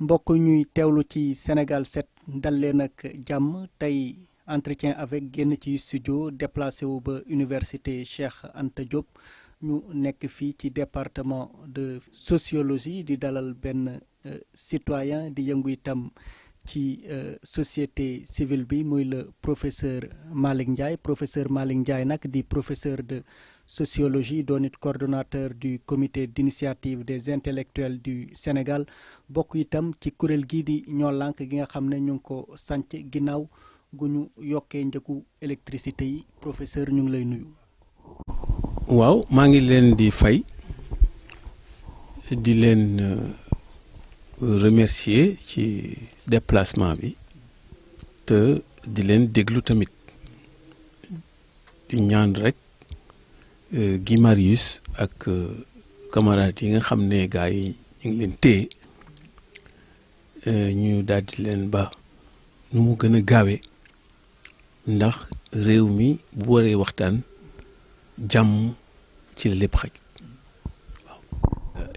mbokk ñuy teewlu ci Sénégal set dal nag jàmm tey entretien avec génn ci studio déplacé wu ba université Cheikh Anta ñu nekk fii ci département de sociologie di dalal benn euh, citoyen di yëngu itam ci euh, société civile bi muy le professeur Malick Ndiaye professeur Malick Ndiaye nag di professeur de sociologie doon it coordonnateur du comité d'initiative des intellectuels du Sénégal bokk itam ci kuréel gii di ñoo lànk gi nga xam ne ñu ngi ko sanc ginnaaw gu ñu yokkee njëgu électricité yi professeur ñu ngi lay nuyu. waaw maa ngi leen di fay di leen euh, remercier ci déplacement bi te di leen déglu tamit di ñaan rek. Euh, Guy Marius ak euh, camarades yi nga xam ne gars yi ñu ngi leen téye euh, ñu daal leen ba nu mu gën a gaawe ndax réew mi bu waree waxtaan jàmm ci la lépp xaj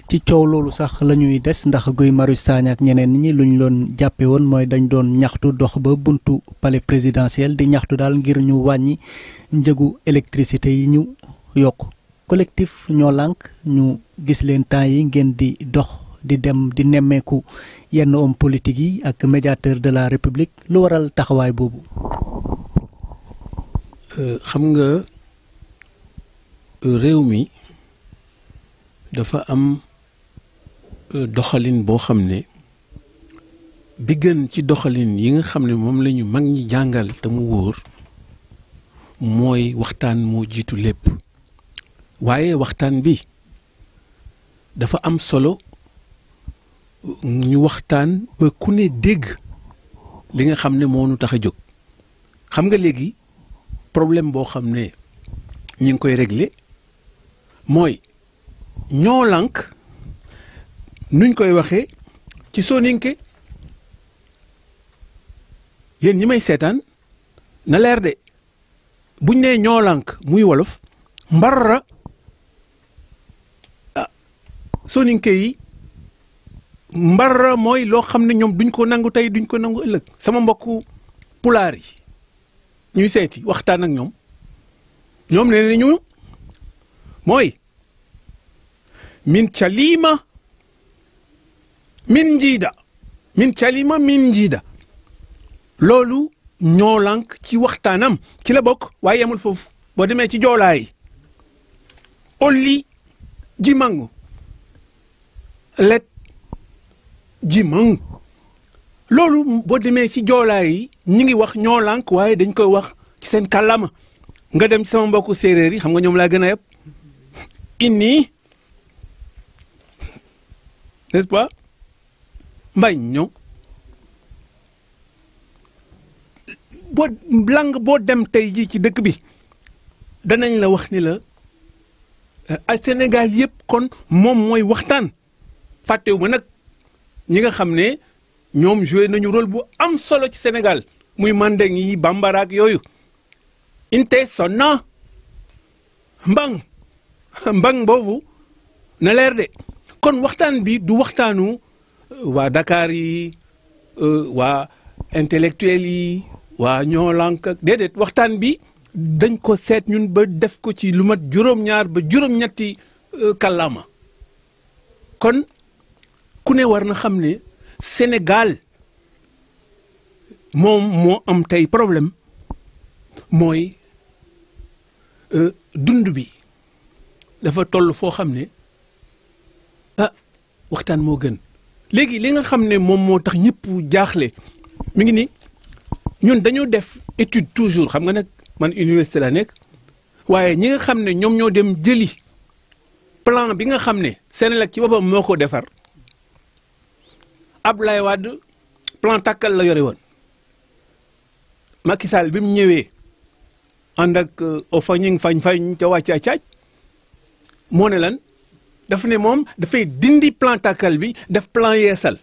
ci coow loolu sax lañuy des ndax Guy Marius Sagna ak ñeneen ñi luñ loon jàppe woon mooy dañ doon ñaxtu dox ba buntu palais présidentiel di ñaxtu daal ngir ñu wàññi njëgu électricité yi ñu yokk collectif ñoo lànk ñu gis leen temps yi ngeen di dox di dem di nemmeeku yenn homme politique yi ak médiateur de la république lu waral taxawaay boobu. Euh, xam nga réew mi dafa am euh, doxalin boo xam ne bi gën ci doxalin yi nga xam ne moom lañu mag ñi jàngal te mu wóor mooy waxtaan moo jiitu lépp. waaye waxtaan bi dafa am solo ñu waxtaan ba ku ne dégg li nga xam ne moo nu tax a jóg xam nga léegi problème boo xam ne ñu ngi koy régler mooy ñoo lànk nuñ koy waxee ci soo soninke yéen ñi may seetaan na leer de buñ nee ñoo lànk muy wolof mbarra soninke yi mbara mooy loo xam ne ñoom duñ ko nangu tey duñ ko nangu ëllëg sama mbokku pulaar yi ñuy seeti waxtaan ak ñoom ñoom nee nañu mooy min calima min njiida min calima min njiida loolu ñoo lànk ci waxtaanam ci la bokk waaye yemul foofu boo demee ci joolaa yi olli ji mangu let ji mang loolu boo demee ci joolaa yi ñu ngi wax ñoo lànk waaye dañ koy wax ci seen kàllaama nga dem ci sama mbokku séeréer yi xam nga ñoom laa gën a yëpp inni pas mbay boo lang boo dem tey jii ci dëkk bi danañ la wax ni la ay euh, Sénégal yëpp kon moom mooy waxtaan fàttewu ma nag ñi nga xam ne ñoom joué nañu rol bu am solo ci senegal muy mandeng ngi bambara yooyu inte sonna mbang na leer kon waxtaan bi du waxtaanu euh, waa Dakar yi euh, waa intellectuel yi waa ñoolank ak déedéet waxtaan bi dañ ko seet ñun ba def ko ci lu mat juróom-ñaar ba juróom-ñetti euh, kàllaama kon ku ne war na xam ne Sénégal moom moo am tey problème mooy euh, dund bi dafa toll foo xam ne ah waxtaan moo gën léegi li nga xam ne moom moo tax ñëpp jaaxle mu ngi ni ñun dañoo def étude toujours xam nga nag man université la nekk waaye ñi nga xam ne ñoom ñoo dem jëli plan bi nga xam ne Senelec ci boppam moo ko defar Abdoulaye Wade plan tàkkal la yore woon Macky Sall bi mu ñëwee ànd ak au euh, fañing fañ fañ ca wàccaa caaj moo ne lan daf ne moom dafay dindi plan tàkkal bi def plan yeesal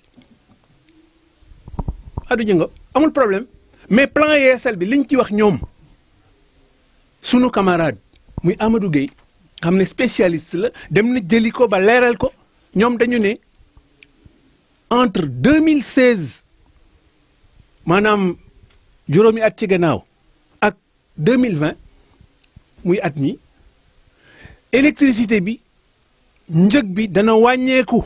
adu jënga amul problème mais plan yeesal bi liñ ci wax ñoom sunu camarade muy Amadou Gueye xam ne spécialiste la dem na jëli ko ba leeral ko ñoom dañu ne entre 2016 maanaam juróomi at ci gannaaw ak 2020 muy at mi électricité bi njëg bi dana wàññeeku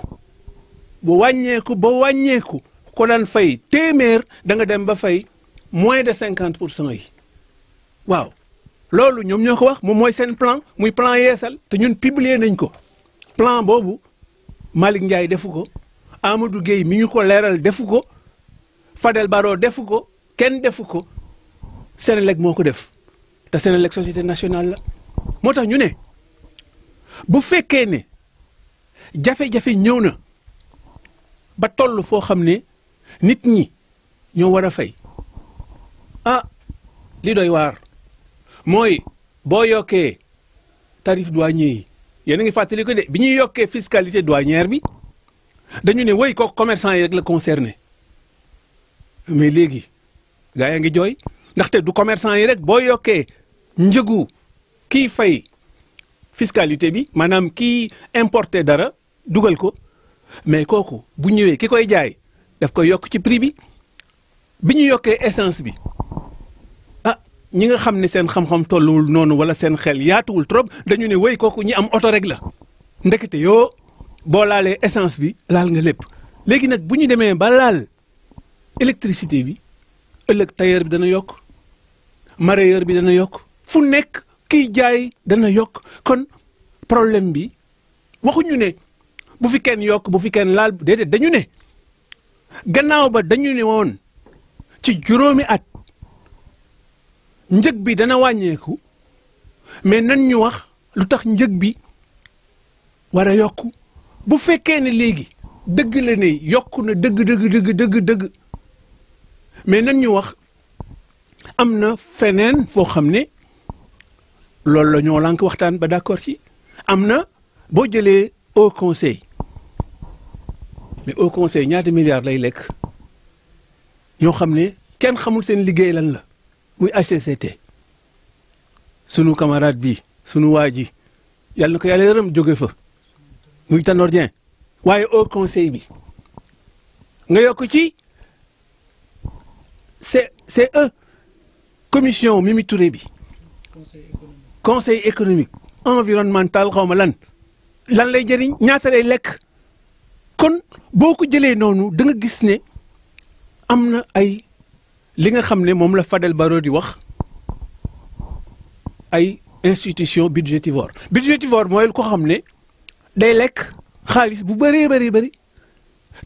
ba wàññeeku ba wàññeeku ko daan fay téeméer da nga dem ba fay moins de cinquante pour cent yi waaw loolu ñoom ñoo ko wax moom mooy seen plan muy plan yeesal te ñun publier nañ ko plan boobu Malick Ndiaye defu ko Amadou Gueye mi ñu ko leeral defu ko Fadel Barro defu ko kenn defu ko Senelec moo ko def te Senelec société nationale la moo tax ñu ne bu fekkee ne jafe ñëw na ba toll foo xam ne nit ñi ñoo war a fay ah li doy waar mooy boo yokkee tarif douanier yi yéen a ngi fàttali ko de bi ñuy yokkee fiscalité douanière bi dañu ne woy kooku commerçant yi rek la concerné mais léegi gaa yaa ngi jooy ndaxte du commerçant yi rek boo yokkee njëgu kii fay fiscalité bi maanaam kii importé dara dugal ko mais kooku bu ñëwee ki koy jaay daf ko yokk ci prix bi bi ñu yokkee essence bi ah ñi nga xam ne seen xam-xam tolluwul noonu wala seen xel yaatuwul trop dañu ne woy kooku ñi am oto rek la ndekete yoo boo laalee essence bi laal nga lépp léegi nag bu ñu demee ba laal électricité bi ëllëg tailleur bi dana yokk mareyeur bi dana yokk fu nekk kiy jaay dana yokk kon problème bi waxuñu ne bu fi kenn yokk bu fi kenn laal déedéet dañu ne gannaaw ba dañu ne woon ci juróomi at njëg bi dana wàññeeku mais nan ñu wax lu tax njëg bi war a yokku bu fekkee ne léegi dëgg la ne yokk na dëgg dëgg dëgg dëgg mais nan ñu wax am na feneen foo xam ne loolu la ñoo lànk waxtaan ba d'accord si am na boo jëlee au conseil mais au conseil ñaata milliards lay lekk ñoo xam ne kenn xamul seen liggéey lan la muy HCCT sunu camarade bi sunu waa ji yàlla na ko yàlla yaram jóge fa muy Tanor Dieng waaye au conseil bi nga yokk ci c'est c'est e commission Mimi Touré bi conseil économique environnemental xaw ma lan lan lay jëriñ ñaata lay lekk kon boo ko jëlee noonu da gis ne am na ay li nga xam ne moom la Fadel Barro di wax ay institution budgétivore budgétivore mooy ko xam ne day lekk xaalis bu bëree bëri bëri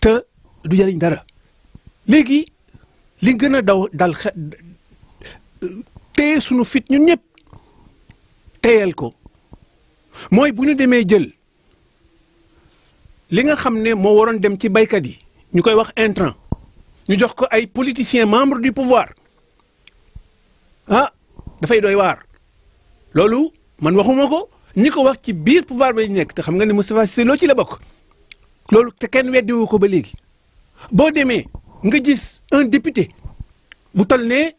te du jëriñ dara léegi li gën a daw dal xe téye sunu fit ñun ñëpp teyal ko mooy bu ñu demee jël li nga xam ne moo waroon dem ci baykat yi ñu koy wax intrant ñu jox ko ay politiciens membre du pouvoir ah dafay doy waar loolu man waxuma ko ñi ko wax ci biir pouvoir ba nekk te xam nga ni ne Moustapha Cissé loo ci la bokk loolu te kenn weddiwu ko ba léegi boo demee nga gis un député bu toll ne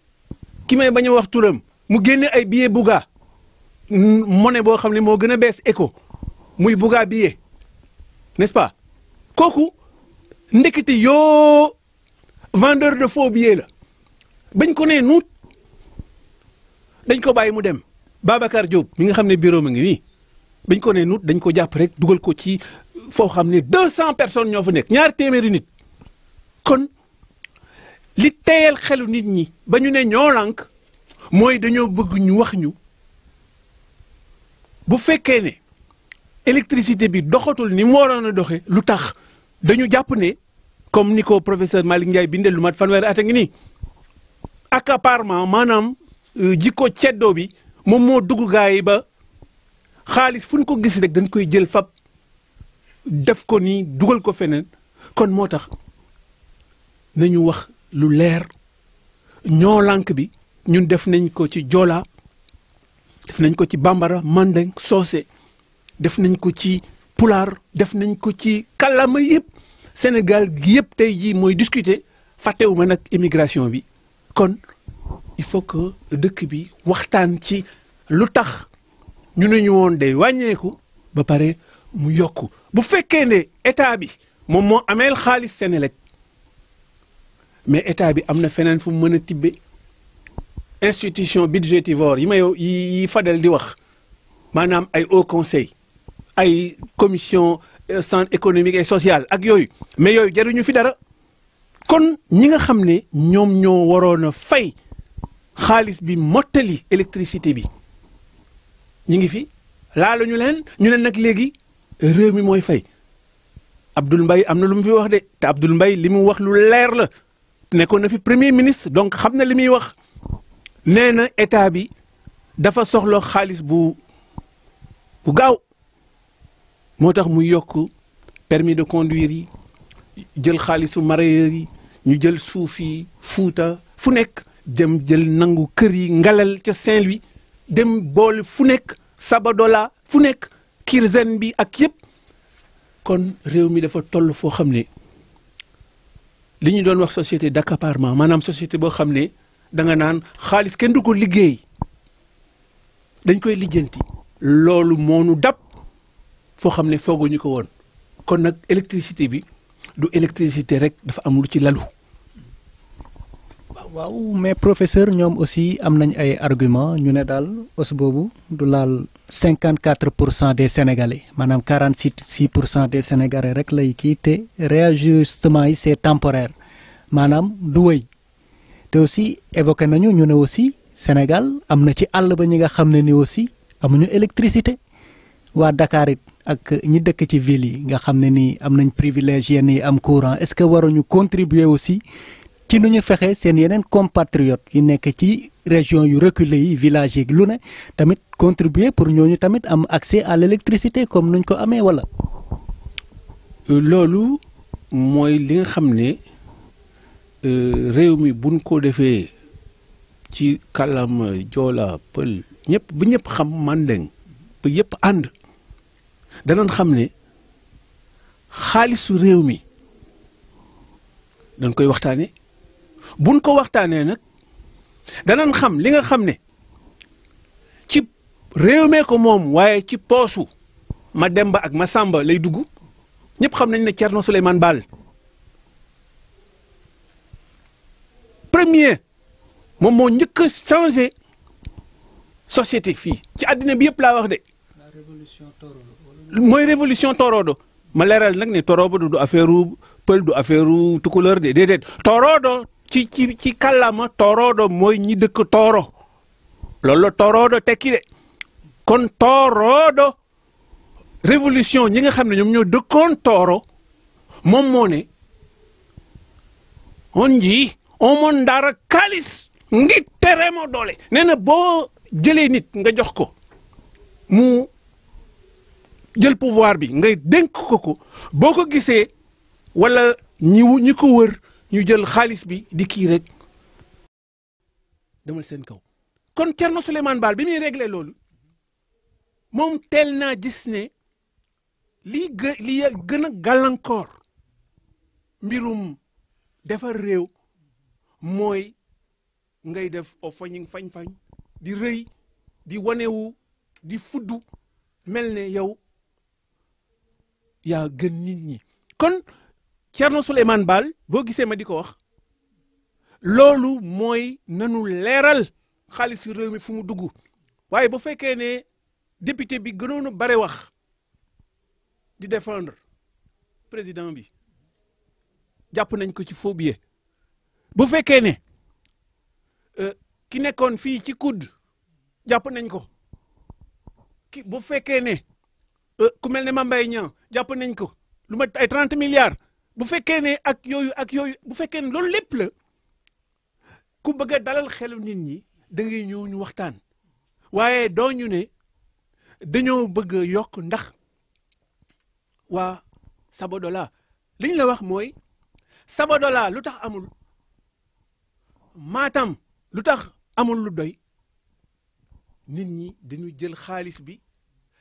ki may bañ a wax turam mu génne ay billet Bouga monnaie boo xam ne moo gën a bees éco muy Bouga billet n'est-ce pas kooku ndekete yoo vendeur de faux billets la bañ ko nee nuut dañ ko bàyyi mu dem Babacar Diop mi nga xam ne bureau ma ngi nii bañ ko nee nut dañ ko jàpp rek dugal ko ci foo xam ne deux cent personnes ñoo fa nekk ñaari téeméeri nit kon li teyal xelu nit ñi ba ñu ne ñoo lànk mooy dañoo bëgg ñu wax ñu bu fekkee ne électricité bi doxatul ni mu waroon a doxe lu tax dañu jàpp ne comme ni ko professeur Malick Ndiaye bindee lu mat fanweeri at a ngi nii accaparement maanaam euh, jikko ceddo bi moom moo dugg gaa yi ba xaalis fu ñu ko gis rek dañ koy jël fab def ko nii dugal ko feneen kon moo tax nañu wax lu leer ñoo lànk bi ñun def nañ ko ci joola def nañ ko ci bambara mandeng soose def nañ ko ci pulaar def nañ ko ci kàllaama yëpp Sénégal gi yëpp tey jii mooy discuter fàttewuma nag immigration bi kon il faut que dëkk bi waxtaan ci lu tax ñu ne ñu woon day wàññeeku ba pare mu yokk bu fekkee ne état bi moom moo ameel xaalis Senelec mais état bi am na feneen fu mu mën a tibbe institution budgétivore yi may yi fadal di wax maanaam ay haut conseil ay commission sant euh, économique et sociale ak yooyu mais yooyu jaruñu fi dara kon ñi nga xam ne ñoom ñoo waroon a fay xaalis bi mottali électricité bi ñu ngi fi laala ñu leen ñu ne nag léegi réew mi mooy fay Abdoul mbay am na lu mu fi wax de te Abdoul Mbaye li mu wax lu leer la nekkoon na fi premier ministre donc xam na li muy wax nee na état bi dafa soxla xaalis bu bu gaaw moo tax muy yokk permis de conduire yi jël xaalisu mareyeur yi ñu jël suuf yi fuuta fu nekk jëm jël nangu kër yi ngalal ca Saint-Louis dem boole fu nekk Sabadola fu nekk kirzen bi ak yëpp kon réew mi dafa toll foo xam ne li ñu doon wax société d'accaparement maanaam société boo xam ne da nga naan xaalis kenn du ko liggéey dañ koy lijjanti. loolu moonu dab foo xam ne fooguñu ko woon kon nag électricité bi du électricité rek dafa am lu ci lalu. waaw mais professeur ñoom aussi am nañ ay argument ñu ne daal os boobu du laal cinquante quatre pour cent des sénégalais maanaam quarante six pour cent des sénégalais rek lay kii te réajustement yi c'est temporaire maanaam du wéy te aussi évoqué nañu ñu ne aussi Sénégal am na ci àll ba ñi nga xam ne ni aussi amuñu électricité waa dakaarit ak ñi dëkk ci ville yi nga xam ne ni am nañ privilège yenn yi am courant est-ce que ñu contribuer aussi. ci nu ñu fexe seen yeneen compatriotes yu nekk ci région yu reculées yi villages yi lu ne tamit contribuer pour ñooñu tamit am accès à l'électricité comme nuñ ko amee wala. loolu mooy li nga xam ne euh, réew mi buñ ko defee ci kàllaama joola ñëpp bu ñëpp xam mandeng ba yëpp ànd danañ xam ne xaalisu réew mi dañ koy waxtaane buñ ko waxtaanee nag danañ xam li nga xam ne ci réew mee ko moom waaye ci poosu ma demba ak ma sàmba lay dugg ñëpp xam nañ ne Thierno Souleymane Baal premier moom moo njëkk a changé société fii ci àddina bi yëpp laa wax de. mooy révolution Torodo ma leeral nag ne Torodo du affaire pël du affaire tukulóor de déedéet Torodo. ci ci ci kàllaama tooroodo mooy ñi dëkk tooro loolu la tooroodo tekki de kon tooroodo révolution ñi nga xam ne ñoom ñoo dëkkoon tooro moom moo ne on ji omon ndaara kaalis ngi teremo doole nee na boo jëlee nit nga jox ko mu jël pouvoir bi ngay dénk ko ko boo ko gisee walla ñi ñi ko wër ñu jël xaalis bi di kii rek demal seen kaw kon Thierno Souleymane Baal bi muy réglé loolu moom teel naa gis ne lii gë li gën a gàllankoor mbirum defar réew mooy ngay def o fañi fañ-fañ di rëy di wanewu di fuddu mel ne yow yaa gën nit ñi kon Thierno Souleymane Baal boo gisee ma di ko wax loolu mooy nanu leeral xaalisu réew mi fu mu dugg waaye bu fekkee ne député bi gënoon a bare wax di défendre président bi jàpp nañ ko ci faux bu fekkee ne euh, ki nekkoon fii ci COUD jàpp nañ ko ki bu fekkee ne euh, ku mel ne Mame Mbaye Niang jàpp nañ ko lu ma ay 30 milliards bu fekkee ne ak yooyu ak yooyu bu fekkee ne loolu lépp la ku bëgg a dalal xelu nit ñi da ñëw ñu waxtaan waaye doo ñu ne dañoo bëgg a yokk ndax waa Sabadola li ñu la wax mooy Sabadola lu tax amul maatam lu tax amul lu doy nit ñi dañu jël xaalis bi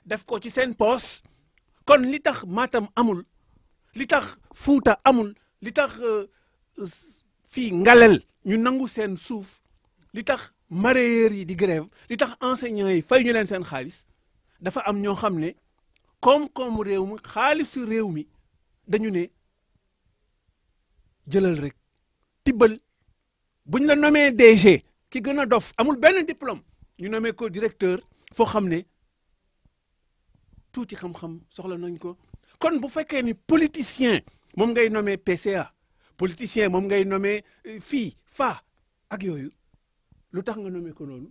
def ko ci seen poos kon li tax Matam amul li tax fuuta amul li tax euh, fii ngalal ñu nangu seen suuf li tax mareyeurs yi di grève li tax enseignants yi fay ñu leen seen xaalis dafa am ñoo xam ne koom-koomu réew mi xaalisu réew mi dañu ne jëlal rek tibbal bu ñu la nommé DG ki gën a dof amul benn diplôme ñu nommé ko directeur foo xam ne tuuti xam-xam soxla nañ ko kon bu fekkee ni politicien moom ngay nommé PCA politicien moom ngay nomee euh, fii fa ak yooyu lu tax nga nommé ko noonu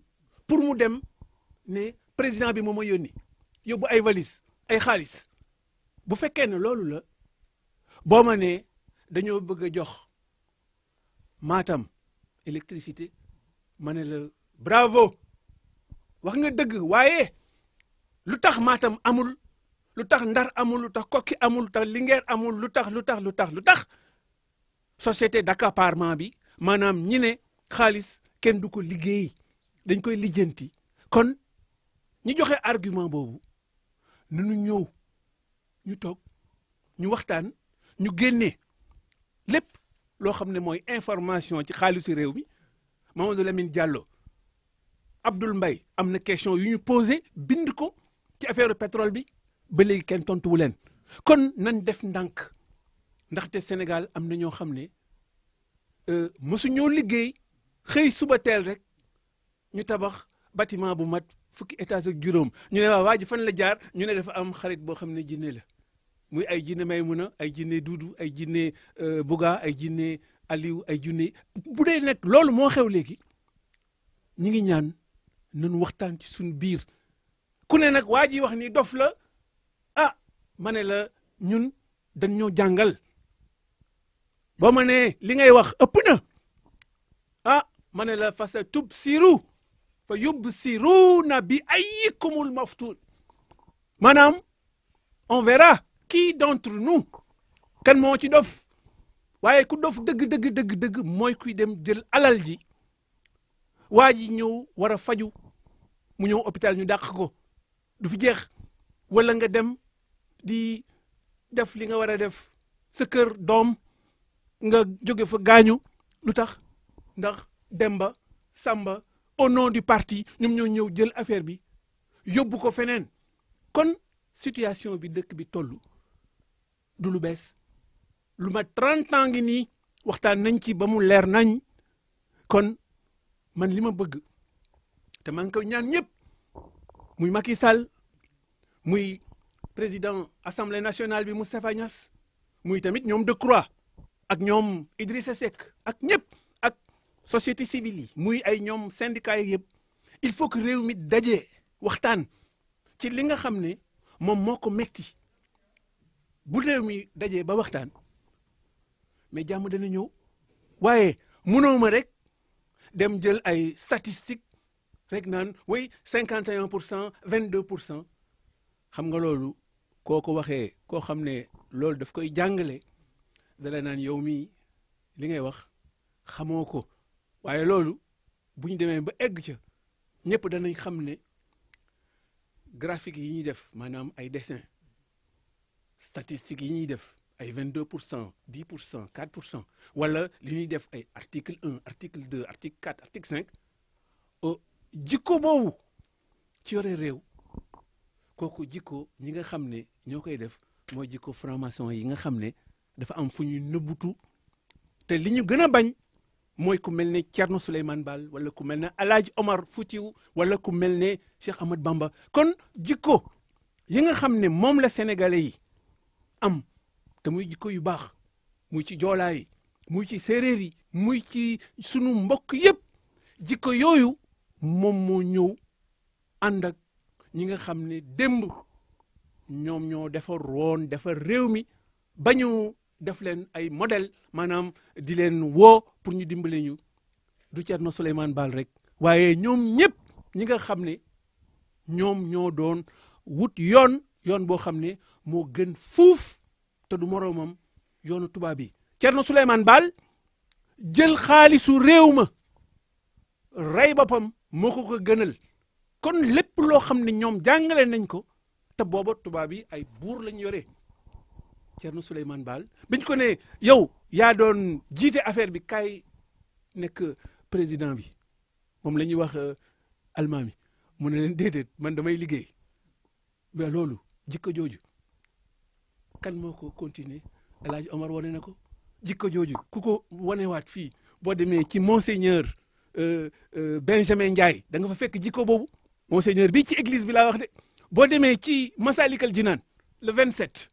pour mu dem ne président bi moom ma yónni yóbbu ay valis ay xaalis bu fekkee ne loolu la boo ma nee dañoo bëgg a jox maatam électricité ma ne la bravo wax nga dëgg waaye lu tax maatam amul lu tax ndar amul lu tax kokki amul lu tax lingeer amul lu tax lu tax lu tax lu tax société d'accaparement bi maanaam ñi ne xaalis kenn du ko liggéey dañ koy lijjanti kon ñi joxe argument boobu nanu ñëw ñu toog ñu waxtaan ñu génnee lépp loo xam ne mooy information ci xaalisu réew mi Mamadou Lamine Diallo Abdoul mbay am na question yu ñu posé bind ko ci affaire pétrole bi ba léegi kenn tontuwu leen kon nan def ndànk ndaxte Sénégal am na ñoo xam ne euh, mosu ñoo liggéey xëy suba teel rek ñu tabax bâtiment bu mat fukki étage ak juróom ñu ne waa waa ji fan la jaar ñu ne dafa am xarit boo xam ne jinne la muy ay jinne Maymuna ay jinné Duudu ay jinne euh, Buga ay jinné Aliou ay jinne bu nag loolu moo xew léegi ñi ngi ñaan nañu waxtaan ci suñu biir ku ne nag waa ji wax ni dof la ma ne la ñun dañ ñoo jàngal boo mane nee li ngay wax ëpp a ah ma ne la fa sa tub siru fa na bi ayikumul maftuun maanaam on verra qui d'entre nu kan moo ci dof waaye ku dof dëgg dëgg dëgg dëgg mooy kuy dem jël alal ji waa ji ñëw war a faju mu ñëw hopital ñu dàq ko du fi jeex wala nga dem di def li nga war a def sa kër doom nga jóge fa gaañu lu tax ndax Demba Samba au nom du parti ñoom ñoo ñëw jël affaire bi yóbbu ko feneen kon situation bi dëkk bi tollu du lu bees lu ma 30 ans ngi nii waxtaan nañ ci ba mu leer nañ kon man li ma bëgg te maa ngi koy ñaan ñëpp muy Macky Sall muy président assemblée nationale bi Moustapha Niass muy tamit ñoom de Decroix ak ñoom Idrissa Seck ak ñëpp ak société civile yi muy ay ñoom syndicats yi yëpp il faut que réew mi daje waxtaan ci li nga xam ne moom moo ko metti bu réew mi daje ba waxtaan mais jàmm dana ñëw waaye mënoo ma rek dem jël ay statistiques rek naan way 51 pour cent vingt deux pour cent xam nga loolu koo ko waxee koo xam ne loolu daf koy jàngale dala naan yow mii li ngay wax xamoo ko waaye loolu bu ñu demee ba egg ca ñëpp danañ xam ne graphique yi ñuy def maanaam ay dessin statistique yi ñuy def ay vingt deux pour cent dix pour cent quatre pour cent wala li ñuy def ay article un article deux article quatre article cinq oh, jikko boobu ci yore réew kooku jikko ñi nga xam ne ñoo koy def mooy jikko franc yi nga xam ne dafa am fu ñuy nëbbutu te li ñu gën a bañ mooy ku mel ne Thierno Souleymane Baal wala ku mel ne El Hadj fu Foutiou wala ku mel ne Cheikh Ahmad Bamba kon jikko yi nga xam ne moom la sénégalais yi am te muy jikko yu baax muy ci joolaa yi muy ci séeréer yi muy ci sunu mbokk yëpp jikko yooyu moom moo ñëw ànd ñi nga xam ne démb ñoom ñoo defar woon defar réew mi ba ñu def leen ay modèle maanaam di leen woo pour ñu dimbalee ñu du Thierno Souleymane Baal rek waaye ñoom ñëpp ñi nga xam ne ñoom ñoo doon wut yoon yoon boo xam ne moo gën fuuf te du moroomam yoonu tubaab yi Thierno Souleymane Baal jël xaalisu réew ma ray boppam moo ko ko gënal kon lépp loo xam ne ñoom jàngale nañ ko te booba tubaab yi ay buur lañ yore Thierno Souleymane Baal bañ ko ne yow yaa doon jiite affaire bi kay nekk président bi moom la ñuy wax euh, almaami mu ne leen déedéet man damay liggéey mais loolu jikko jooju kan moo ko continuer El Omar wane na ko jikko jooju ku ko wanewaat fii boo demee ci monseigneur euh, euh, Benjamin Ndiaye da nga fa fekk jikko boobu monseigneur bii ci église bi laa wax de boo demee ci Masalikal Jinaan le 27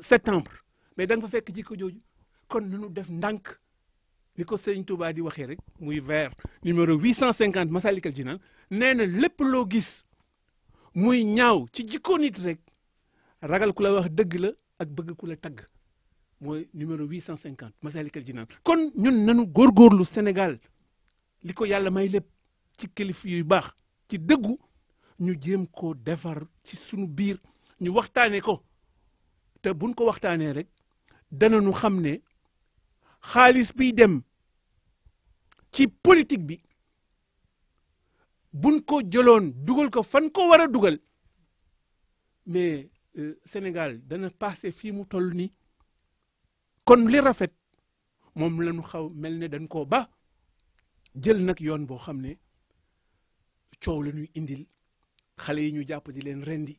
septembre mais da nga fa fekk jikko jooju kon nunu def ndànk ni ko sëñ Touba di waxee rek muy vers numéro 850 Masalikal Jinaan nee na lépp loo gis muy ñaaw ci jikko nit rek ragal ku la wax dëgg la ak bëgg ku la tagg mooy numéro 850 Masalikal Jinaan kon ñun nanu góorgóorlu Sénégal li ko yàlla may lépp ci kilifa yu baax ci dëggu ñu jéem koo defar ci sunu biir ñu waxtaanee ko te buñ ko waxtaanee rek dana danañu xam ne xaalis biy dem ci politique bi buñ ko jëloon dugal ko fan ko war a dugal mais euh, Sénégal dana passé fii mu toll nii kon li rafet moom la ñu xaw mel ne dañ koo ba jël nag yoon boo xam ne coow la ñuy indil xale yi ñu jàpp di leen rendi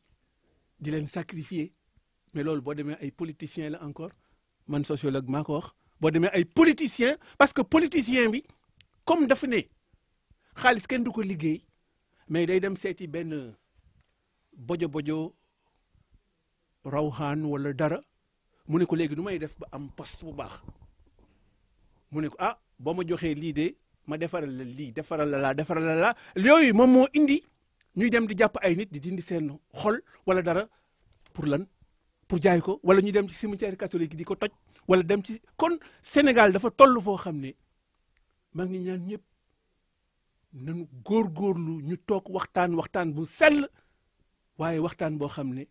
di leen sacrifier mais loolu boo demee ay politiciens la encore man sociologue maa ko wax boo demee ay politiciens parce que politicien bi comme dafa ne xaalis kenn du ko liggéey mais day dem seeti benn bojo bojo rawxaan wala dara mu ne ko léegi nu may def ba am poste bu baax mu ne ko ah boo ma joxee lii de ma defaral la lii defaral la laa defaral la laa yooyu moom moo indi ñuy dem di jàpp ay nit di dindi seen xol wala dara pour lan pour jaay ko wala ñu dem ci cimetière catholique di ko toj wala dem ci kon Sénégal dafa toll foo xam ne maa ngi ñaan ñëpp nañu góorgóorlu ñu toog waxtaan waxtaan bu sell waaye waxtaan boo xam ne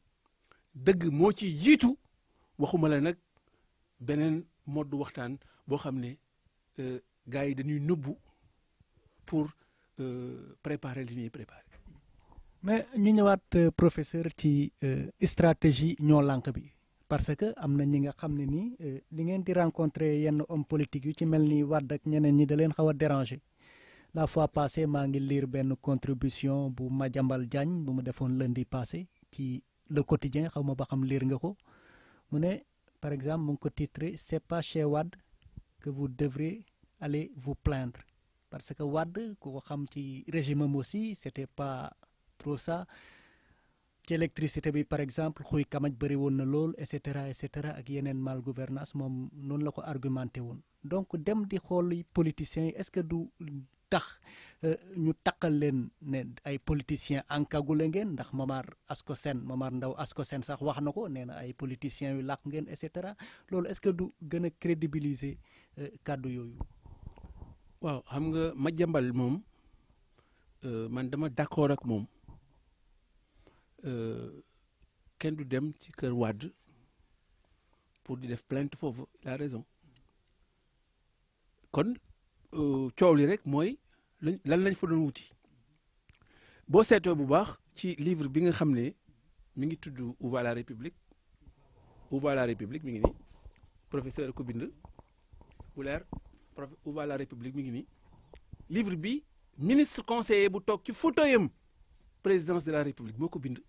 dëgg moo ci jiitu waxuma la nag beneen modd waxtaan boo xam ne euh, gars yi dañuy nëbbu pour euh, préparer li ñuy ñu ñëwaat euh, professeur ci euh, stratégie ñoo lank bi parce que am na ñi nga xam ne nii li ngeen di rencontrer yenn homme politique yu ci mel ni Wade ak ñeneen ñi da leen xaw a déranger la fois passée maa ngi liir benn contribution bu majambal Diagne bu ma defoon lundi passé ci le quotidien xaw ma ba xam liir nga ko mu ne par exemple mu ngi ko titré c'est pas chez Wade que vous devrez aller vous plaindre parce que Wade ko ko xam ci régime am aussi c'était pas trop ça ci électricité bi par exemple xuy kamaj bëri woon na lool et cetera et cetera ak yeneen mal gouvernance moom noonu la ko argumenté woon donc dem di xool politiciens yi est-ce que du tax euh, ñu taqal leen ne ay politiciens encagoulé ngeen ndax Momar Asko Sen Momar Ndao Asko seen sax wax na ko nee na ay politiciens yu làq ngeen et cetera loolu est-ce que du gën a crédibiliser euh, kàddu yooyu waaw xam nga Madiambal moom euh, man dama d'accord ak moom euh, kenn du dem ci kër wàdd pour di def plainte foofu la a raison kon euh, coow li rek mooy lan lañ fa doon wuti boo seetoo bu baax ci livre bi nga xam ne mu ngi tudd Où va la République Où va la République mi ngi nii professeur ku bind Houellère prof où va la république mi ngi nii livre bi ministre conseiller bu toog ci fauteuilam présidence de la république moo ko bind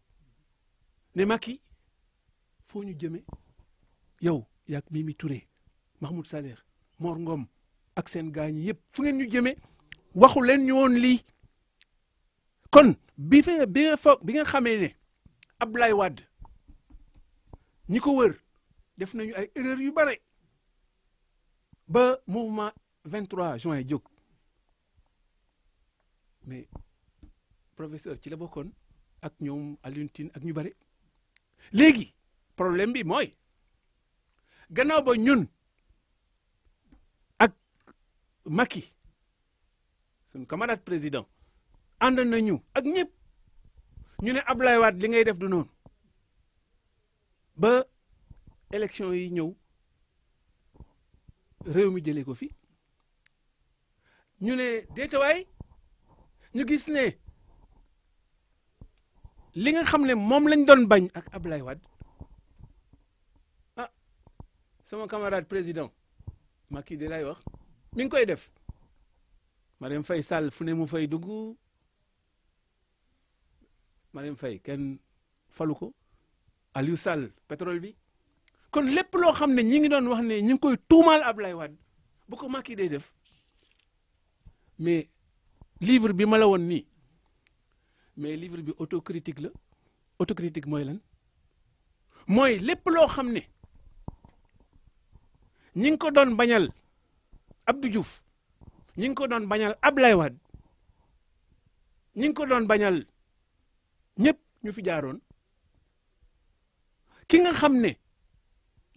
ne Macky foo ñu jëme yow yaag Mimi Touré Mahmoud Saleh Mor Ngom ak seen gaañ yëpp fu ngeen ñu jëme waxu leen ñu woon lii kon bi fe bi nga foog bi nga xamee ne Abdoulaye Wade ñi nañu ay erreur yu bare ba mouvement 23 juin jog mais professeur ci la bokkoon ak ñoom Alioune ak ñu bëri léegi problème bi mooy gannaaw ba ñun ak Macky suñ camarade président na nañu ak ñëpp ñu ne Ablaye Wade li ngay def du noonu ba élection yi ñëw réew mi jëlee ko fi ñu ne déetawaay ñu gis ne li nga xam ne moom lañ doon bañ ak Ablaye Wade ah sama camarade président Macky de lay wax mi ngi koy def Mariam fay Sall fu ne mu fay dugg Mariam fay kenn falu ko Aliou Sall pétrole bi kon lépp loo xam ne ñi ngi doon wax ne ñi ngi koy tuumaal Ablaye Wade bu ko Macky day def mais livre bi mala woon nii mais livre bi autocritique la autocritique mooy lan mooy lépp loo xam ne ñi ngi ko doon bañal Abdou Diouf ñi ngi ko doon bañal Ablaye Wade ñi ngi ko doon bañal ñëpp ñu fi jaaroon ki nga xam ne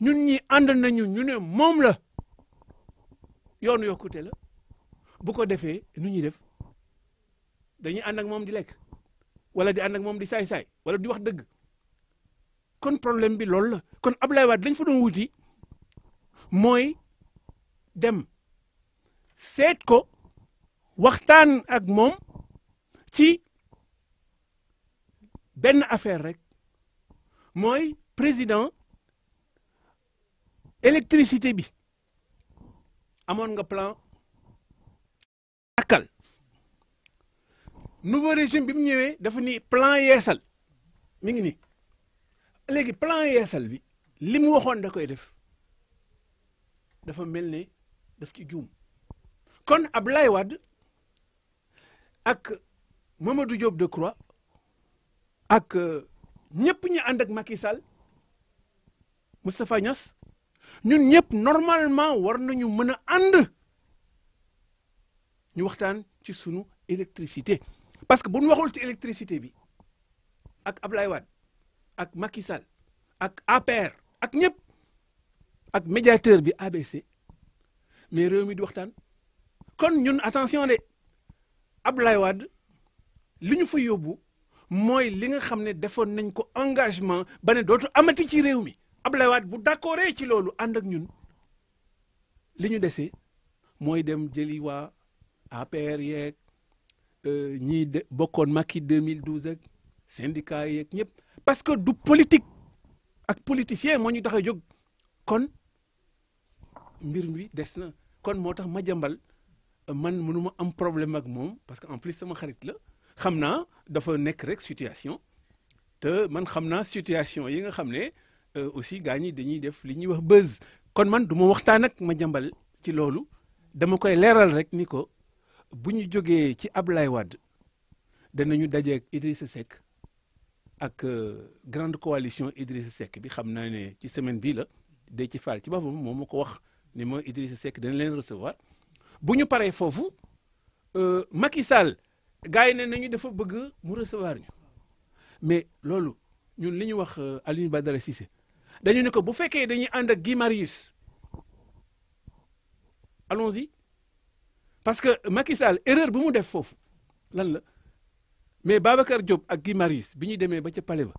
ñun ñi ànd nañu ñu ne moom la yoonu yokkute la bu ko defee nu ñuy def dañuy ànd ak moom di lekk wala di ànd moom di saay-saay wala di wax dëgg kon problème bi loolu la kon Ablaye Wade lañ fa doon wuti mooy dem seet ko waxtaan ak moom si benn affaire rek mooy président électricité bi amoon nga plan takkal nouveau régime bi mu ñëwee dafa ni plan yeesal mi ngi ni léegi plan yeesal bi li mu waxoon da koy def dafa mel ne daf ci juum kon Ablaye Wade ak Mamadou Diop Decroix ak euh, ñëpp ñu ànd ak Macky Sall Moustapha Niass ñun ñëpp normalement war nañu mën a ànd ñu waxtaan ci sunu électricité parce que bu ñu waxul ci électricité bi ak Ablaye ak Macky ak APR ak ñëpp ak médiateur bi ABC mais réew mi di waxtaan kon ñun attention de Ablaye Wade li ñu fa yóbbu mooy li nga xam ne defoon nañ ko engagement ba ne dootu amati ci réew mi Abdoulaye Wade bu d'accord ci loolu ànd ak ñun li ñu dese mooy dem jëliwaa waa APR yeeg euh, ñii de bokkoon Macky 2012 ak syndicat yeeg ñëpp parce que du politique ak politicien moo ñu daxa a jóg kon mbir mi des na kon moo tax ma jambal man mënuma am problème ak moom parce que en plus sama xarit la xam naa dafa nekk rek situation te man xam naa situation yi nga xam ne Euh, aussi gaa ñi dañuy def li ñuy wax buzz kon man du ma waxtaan ak ma jàmbal ci loolu dama koy leeral rek ni ko bu ñu jógee ci Ablaye Wade danañu dajeek Idrissa Seck ak euh, grande coalition Idrissa Seck bi xam naa ne ci semaine bii la day ci faal ci ba boppam moom ma ko wax ni ma Idrissa Seck dana leen recevoir bu ñu paree foofu euh, Macky Sall gars yi ne nañu dafa bëgg mu recevoir ñu mais loolu ñun li ñu wax Alioune Badara Cissé dañu ne ko bu fekkee dañuy ànd ak Guy Marius allons parce que Macky Sall erreur bu mu def foofu lan la mais Babacar Diop ak Guy Marius bi ñu demee ba ca palais ba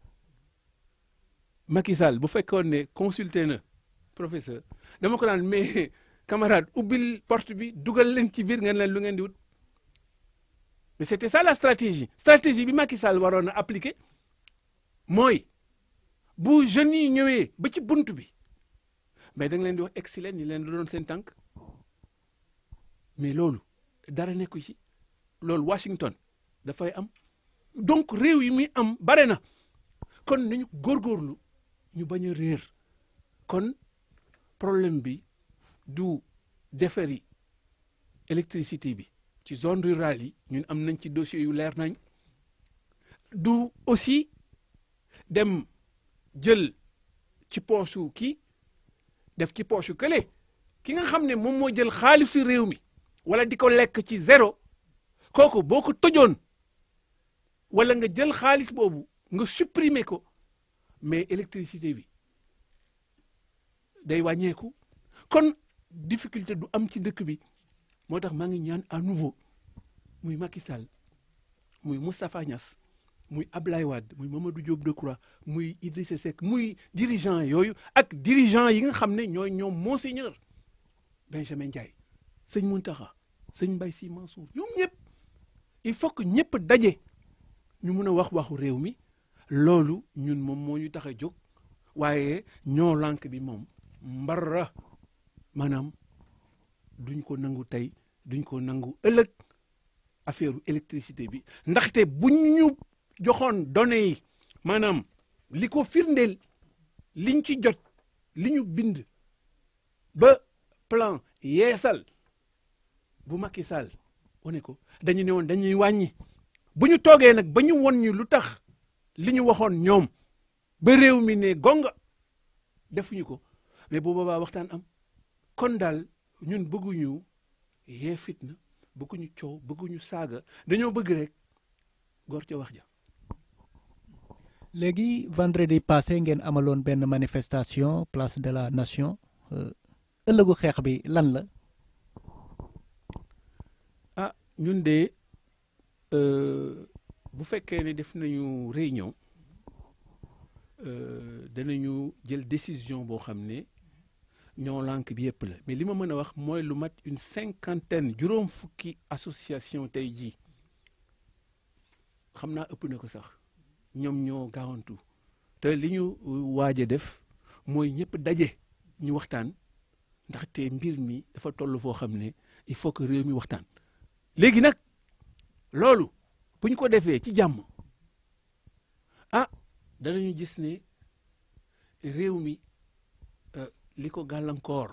Macky Sall bu fekkoon ne consulté na professeur dama ko naan mais camarade ubbil porte bi dugal leen ci biir ngeen leen lu ngeen di wut mais c'était ça la stratégie stratégie bi Macky Sall waroon a appliquer mooy bu jeunes yi ñëwee ba ci bunt bi mais da leen di wax egsi leen ni leen lu doon seen tànk mais loolu dara nekku ci loolu Washington dafay am donc réew yi muy am bare na kon nañu góorgóorlu ñu bañ a réer kon problème bi du defari électricité bi ci zone rurale yi ñun am nañ ci dossier yu leer nañ du aussi dem jël ci poosu kii def ci poosu kële ki nga xam ne moom moo jël xaalisu réew mi wala di ko lekk ci zéro kooku boo ko tojoon wala nga jël xaalis boobu nga supprimer ko mais électricité bi day wàññeeku kon difficulté du am ci dëkk bi moo tax maa ngi ñaan à nouveau muy makisal muy Moustapha Niass muy Ablaye Wade muy Mamadou Diop Decroix muy Idrissa Seck muy dirigeant yooyu ak dirigeant yi nga xam ne ñooy ñoom monseigneur Benjamin Ndiaye sëñ taxa sëñ Mbaye Sy Mansour ñoom ñëpp il faut que ñëpp daje ñu mun a wax waxu réew mi loolu ñun moom moo ñu tax a jóg waaye ñoo lànk bi moom mbara maanaam duñ ko nangu tey duñ ko nangu ëllëg affaire électricité bi ndaxte buñ ñu joxoon données yi maanaam li ko firndeel liñ ci jot li ñu bind ba plan yeesal bu Macky Sall wane ko dañu ne woon dañuy wàññi bu ñu toogee nag bañu ñu won ñu lu tax li ñu waxoon ñoom ba réew mi ne gonga defuñu ko mais bu boobaa waxtaan am kon daal ñun bëgguñu yee fitna bëgguñu coow bëgguñu saaga dañoo bëgg rek góor wax ja léegi vendredi passé ngeen amaloon benn manifestation place de la nation euh, ëllëgu xeex bi lan la. ah ñun de euh, bu fekkee ne def nañu ñëw réunion euh, danañu jël décision boo xam ne ñoo lànk bi yëpp la mais li ma mën a wax mooy lu mat une cinquantaine juróom fukki association tey jii xam naa ëpp na ko sax. ñoom ñoo gaawantu te li ñu uh, waaj a def mooy ñëpp daje ñu waxtaan ndaxte mbir mi dafa toll foo xam ne il faut que réew mi waxtaan. léegi nag loolu bu ñu ko defee ci jàmm ah danañu gis ne réew mi euh, li ko gàllankoor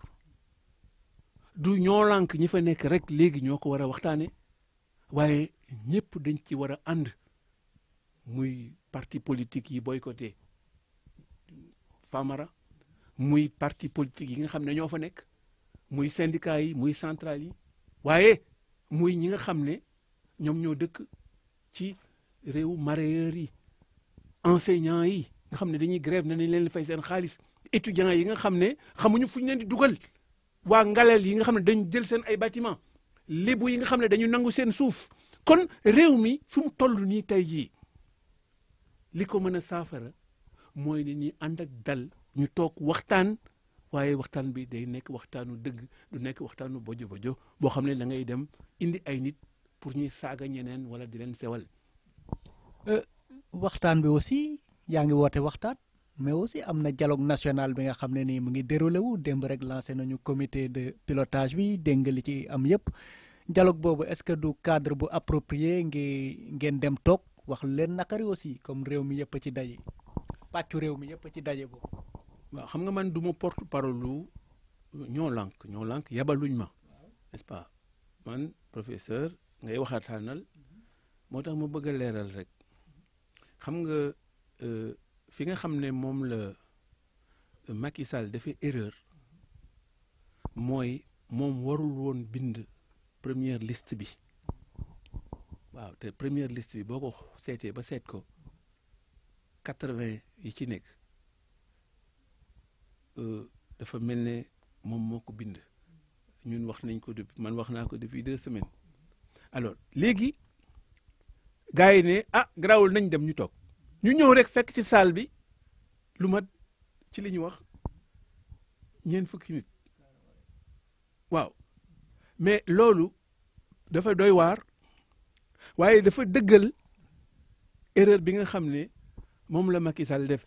du ñoo lank ñi fa nekk rek léegi ñoo ko war a waxtaane waaye ñëpp dañ ci war a ànd. muy parti politique yi boycotté Famara muy parti politique yi nga xam ne ñoo fa nekk muy syndicat yi muy centrale yi waaye muy ñi nga xam ne ñoom ñoo dëkk ci réewu mareyeur yi enseignant yi nga xam ne dañuy grève na nañ leen fay seen xaalis étudiants yi nga xam ne xamuñu fu ñu leen di dugal waa ngaleel yi nga xam ne dañu jël seen ay bâtiment lébu yi nga xam ne dañu nangu seen suuf kon réew mi fu mu toll nii tay jii li ko mën a saafara mooy ni ñuy ànd ak dal ñu toog waxtaan waaye waxtaan bi day nekk waxtaanu dëgg du nekk waxtaanu bojo bojo boo xam ne da ngay dem indi ay nit pour ñuy saaga ñeneen wala di leen sewal. Euh, waxtaan bi aussi yaa ngi woote waxtaan mais aussi am na dialogue national bi nga xam ne nii mu ngi déroulé wu démb rek lancé nañu comité de pilotage bi dégg li ci am yëpp dialogue boobu est-ce que du cadre bu approprié ngi ngeen dem toog. wax lu leen naqari aussi comme réew mi yëpp ci daje pàccu réew mi yëpp ci daje boobu. waaw xam nga man du ma porte parole lu ñoo lànk ñoo lànk yabaluñ ma n'est-ce pas man professeur ngay waxaataanal moo tax ma bëgg a leeral rek xam nga euh, fi nga xam ne moom la Macky Sall dafay erreur mooy moom warul woon bind première liste bi. waaw te première liste bi boo ko seetee ba seet ko quatre-vingt yi ci nekk euh, dafa mel ne moom moo ko bind ñun wax nañ ko depuis man wax naa ko depuis deux semaines alors léegi gars yi ne ah grawul nañ dem ñu toog ñu ñëw rek fekk ci salle bi lu mat ci li ñu wax ñeent fukki nit waaw mais loolu dafa doy waar waaye dafa dëggal erreur bi nga xam ne moom la Macky def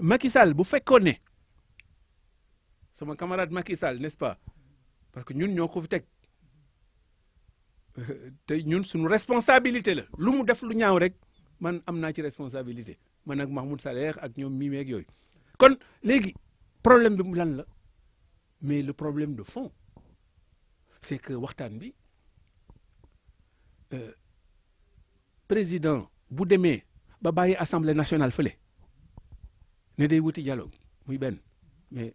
Macky bu fekkoon ne sama camarade Macky Sall pas parce que ñun ñoo ko fi teg te ñun suñu responsabilité la lu mu def lu ñaaw rek man am naa ci responsabilité man ak Mahmoud Saleh ak ñoom mimeeg yooyu kon léegi problème bi mu lan la mais le problème de fond c'est que waxtaan bi. Euh, président bu demee ba bàyyi assemblée nationale fële ne day wuti dialogue muy benn mais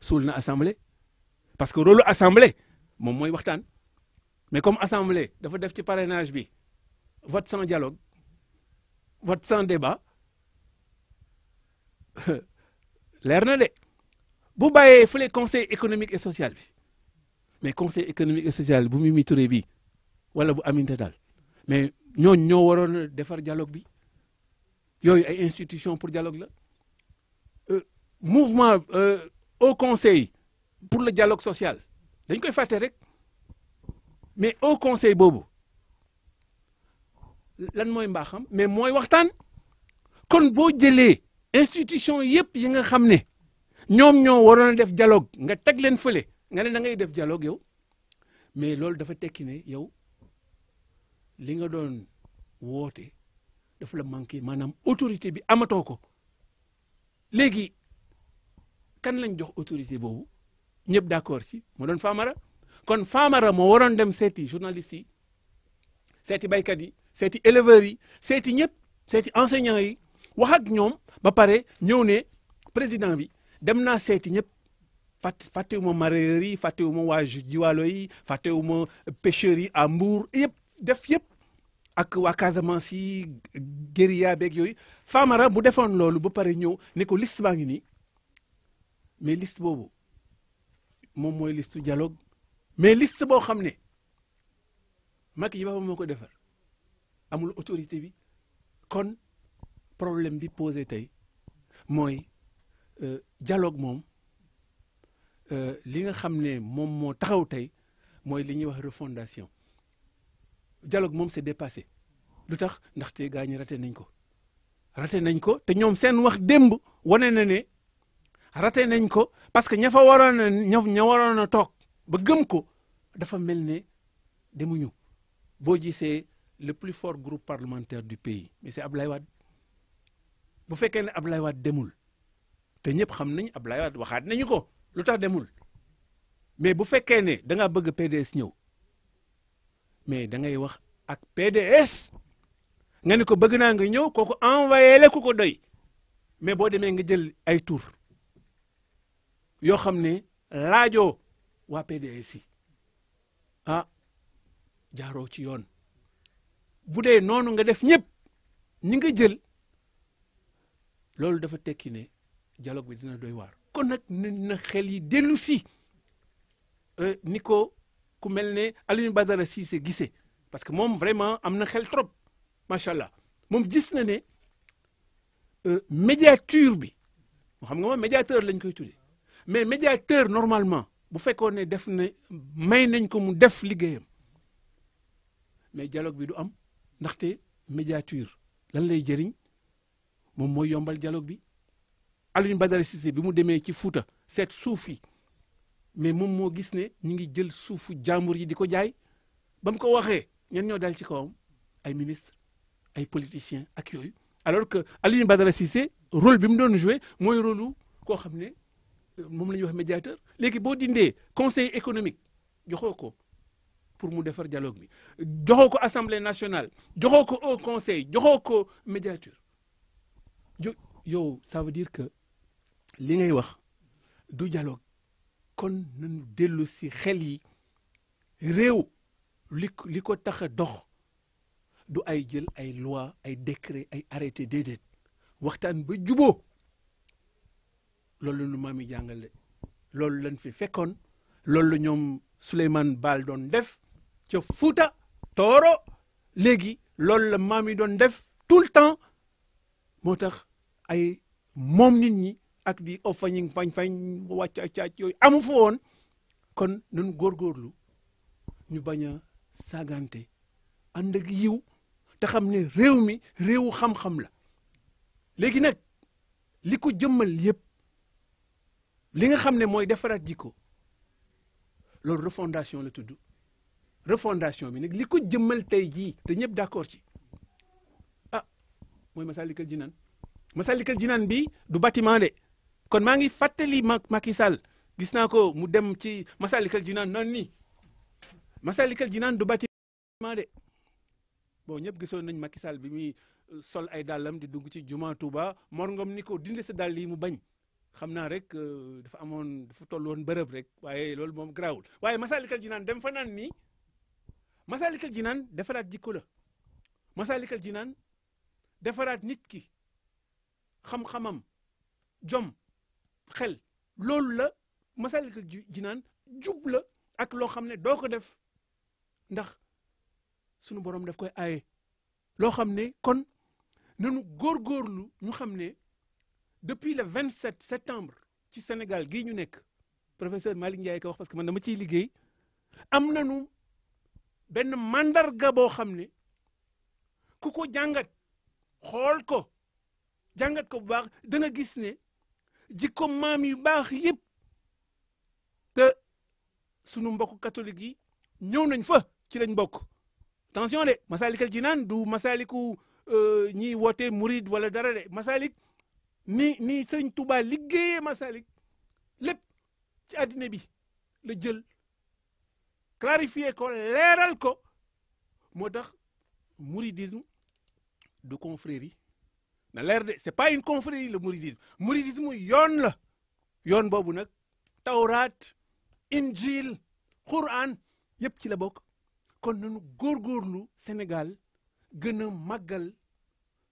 suul na assemblée parce que rôle assemblée moom mooy waxtaan mais comme assemblée dafa def ci parrainage bi vote sans dialogue vote sans débat leer na de bu bàyyee fële conseil économique et social bi mais conseil économique et social bu Mimi Touré bi wala bu Aminata daal mais ñooñ ñoo waroon defar jaloog bi yooyu ay institution pour jaloog la euh, mouvement euh, au conseil pour le jaloog social dañ koy fàtte rek mais au conseil boobu lan mooy mbaaxam mais mooy waxtaan kon boo jëlee institution yëpp yi nga xam ne ñoom ñoo waroon def jaloog nga teg leen fële nga ne da ngay def jaloog yow mais loolu dafa tekki ne yow li nga doon woote dafa la manqué maanaam autorité bi amatoo ko léegi kan lañ jox autorité boobu ñëpp d'accord ci moo doon Famara kon Famara moo waroon dem seeti journalisti yi seeti baykat yi seeti éleveurs yi seeti ñëpp seeti enseignants yi wax ak ñoom ba pare ñëw ne président bi dem naa seeti ñëpp fàtt fàttewuma mareyeurs yi fàttewuma waa jiwaalo yi fàttewuma pêcheurs yi à Mbour yëpp def yëpp ak waa Casamance yi guérilla beeg yooyu faamara bu defoon loolu ba pare ñëw ni ko list baa ngi nii mais list boobu moom mooy liste dialogue mais list boo xam ne Macky yi ba moo ko defar amul autorité bi kon problème bi posé tey mooy euh, dialogue moom euh, li nga xam ne moom moo taxaw tey mooy li ñuy wax refondation jaloog moom c'est dépassé lu tax ndaxte gaa ñi raté nañ ko raté nañ ko te ñoom seen wax démb wane na ne raté nañ ko parce que ña fa waroon a ña waroon a toog ba gëm ko dafa mel ne demuñu boo gisee le plus fort groupe parlementaire du pays mais c'est Ablaye Wade bu fekkee ne Ablaye Wade demul te ñëpp xam nañ Ablaye Wade waxaat nañu ko lu tax demul mais bu fekkee ne da ngaa bëgg PDS ñëw mais da ngay wax ak PDS nga ne ko bëgg naa nga ñëw ko envoyé la ko ko doy mais boo demee nga jël ay tur yoo xam ne laajoo waa PDS si ah jaaroo ci yoon bu dee noonu nga def ñëpp ñi nga jël loolu dafa tekkine ne bi dina doy waar kon nag na xel yi dellusi euh, ni ko ku mel ne Alioune Badara Cissé gisee parce que moom vraiment am na xel trop macha allah moom gis na ne euh, médiature bi xam nga ma médiateur lañ koy tuddee mais médiateur normalement bu fekkoon ne def na may nañ ko mu def liggéeyam mais dialogue bi du am ndaxte médiature lan lay jëriñ moom mooy yombal dialogue bi Alioune Badara Cissé bi mu demee ci Fouta seet suuf yi mais moom moo gis ne ñu ngi jël suufu jaambur yi di ko jaay ba mu ko waxee ñen ñoo dal ci kawam ay ministre ay politiciens ak yooyu alors que Alioune Badara Cissé rôle bi mu doon joué mooy rôle lu koo xam ne euh, moom la ñuy wax médiateur léegi boo dindee conseil économique joxoo ko pour mu defar jaloog mi joxoo ko assemblée nationale joxoo ko au conseil joxoo ko médiateur jo yow ça dire que li ngay wax du dialogue kon nañu dellu si xel yi réew li li ko tax a dox du ay jël ay loi ay décret ay arrêté déedéet waxtaan ba juboo loolu lu maam yi jàngale loolu lañ fi fekkoon loolu la ñoom Souleymane Baal doon def ca Fuuta Tooro léegi loolu la maam yi doon def tout le temps moo tax ay moom nit ñi ak di of fañin fañ-fañ wàcc accaaj yooyu amu fa woon kon nañu góorgóorlu ñu bañ a sagante ànd yiw te xam ne réew mi réewu xam-xam la léegi nag li ko jëmmal yépp li nga xam ne mooy defaraat jikko loolu refondation la tudd refondation bi nag li ko jëmmal tey jii te ñëpp d'accord ci ah mooy Massalikul Jinaan Massalikul Jinaan bi du bâtiment kon maa ngi fàttali Macky Sall gis naa ko mu dem ci Masalikal Jinaan noonu nii Masalikal Jinaan du bâtiment de bon ñëpp gisoon nañ Macky Sall bi muy euh, sol ay dàllam di dugg ci juma Touba Mor Ngom ni ko dindi sa dàll yi mu bañ xam naa rek euh, dafa amoon dafa toll woon bërëb rek waaye loolu moom garaawul waaye Masalikal Jinaan dem fanaan naan nii Masalikal Jinaan defaraat jikko la Masalikal Jinaan defaraat nit ki xam-xamam jom xel loolu la masalikul jinaan jub la ak loo xam ne doo ko def ndax sunu borom daf koy aye loo xam ne kon nanu lu ñu xam ne depuis le 27 septembre ci Sénégal gii ñu nekk professeur Malick Ndiaye ko parce que man dama ciy liggéey am nanu benn mandarga boo xam ne ku ko jàngat xool ko jàngat ko bu baax da gis ne jikko maam yu baax yëpp te sunu mbokk catholique yi ñëw nañ fa ci lañ bokk attention de masalikal naan du masaliku euh, ñiy woote murid wala dara de masalik ni ni sëñ Touba liggéeyee masalik lépp ci àddina bi la jël clarifier ko leeral ko moo tax mouridisme du confrérie na leer de c'est pas une confrérie le mouridisme mouridisme yoon la yoon boobu nag tawraat injil quran yëpp ci la bokk kon nanu góorgóorlu Sénégal gën a màggal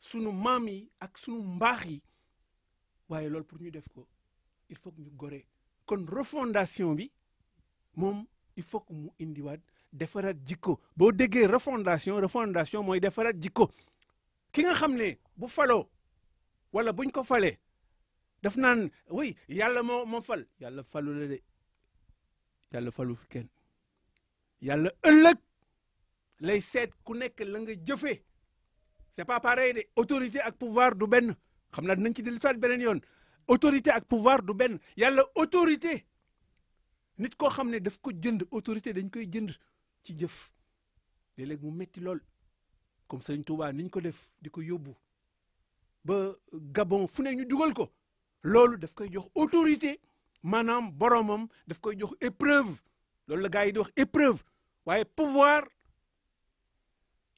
sunu maam yi ak sunu mbaax yi waaye loolu pour ñu def ko il faut que ñu gore kon refondation bi moom il faut mu indiwaat defaraat jikko boo déggee refondation refondation mooy defaraat jikko ki nga xam ne bu faloo wala buñ ko falee daf naan oui yàlla moo moo fal yàlla falu la de yàlla falu kenn yàlla ëllëg lay seet ku nekk la nga jëfee c'est pas pareil de autorité ak pouvoir du benn xam naa dinañ ci dellusiwaat beneen yoon autorité ak pouvoir du benn yàlla autorité nit koo xam ne daf ko jënd autorité dañ koy jënd ci jëf léeg-léeg mu metti lool comme Sëriñ Tuubaa niñ ko def di ko yóbbu ba Gabon fu ne ñu dugal ko loolu daf koy jox autorité maanaam boromam daf koy jox épreuve loolu la gars yi di wax épreuve waaye pouvoir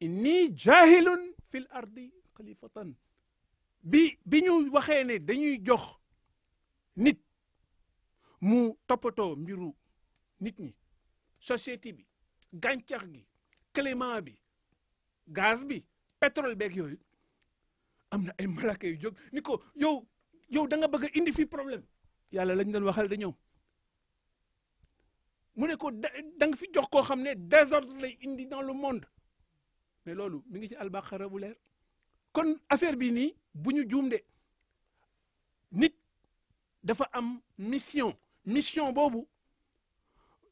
ni jahilun fil ardi kalifatan bi bi ñu waxee ne dañuy jox nit mu toppatoo mbiru nit ñi société bi gàncax gi climat bi gaz bi pétrole beeg yooyu am na ay malaaka yu jóg ni ko yow yow da nga bëgg a indi fii problème yàlla lañ doon waxal de ñoom mu ne ko da nga fi jox koo xam ne désordre lay indi dans le monde mais loolu mi ngi ci albaqara bu leer kon affaire bi nii bu ñu juum nit dafa am mission mission boobu